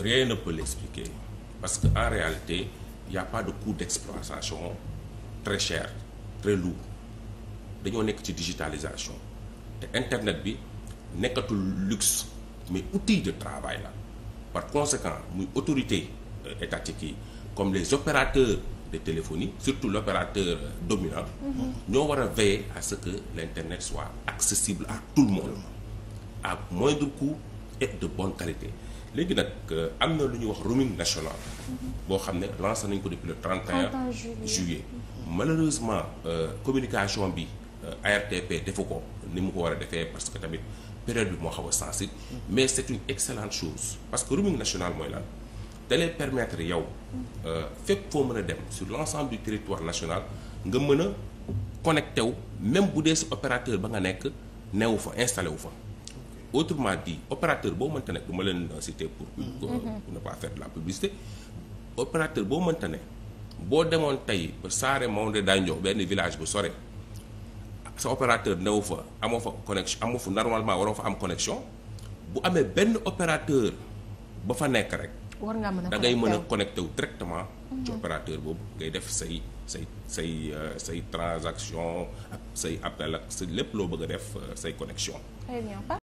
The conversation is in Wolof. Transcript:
rien ne peut l'expliquer parce que en réalité il y pas de coût d'exploitation très cher très lourd dañoo nekk ci digitalisation te internet bi nekkatul luxe mais outil de travail la par conséquent muy autorité euh, étatique yi comme les opérateurs de téléphonie surtout l'opérateur euh, dominant mm-hmm. ñoo war a veiller à ce que l'internet soit accessible à tout le monde à moindre coût et de bonne qualité léegi nag euh, am na lu ñuy wax roaming national boo xam ne lancé nañ ko depuis le 31 juillet malheureusement euh, communication bi euh, ARTP defu ko ni mu ko war a defee parce que tamit période bi moo xaw a sensible mais c'est une excellente chose parce que roaming national mooy lan da lay permettre yow fépp foo mën a dem sur l'ensemble du territoire national nga mën a connecté wu même bu dee si opérateur ba nga nekk newu fa installé wu fa autrement dit opérateur boo mënta ne du ma leen citer pour mm-hmm. pour mm-hmm. ne pas faire de la publicité opérateur boo mënta ne boo demoon tey ba Saare Maodo daañu jox benn village bu sore sa opérateur newu fa amoo fa connexion amoo fa normalement waroo fa am connexion bu amee benn opérateur ba fa nekk rek. war ngaa mën a da ngay mën a connecté wu directement. Mm-hmm. ci opérateur boobu ngay def say say say euh, say transaction ak say appel ak sa lépp loo bëgg a def euh, say connexion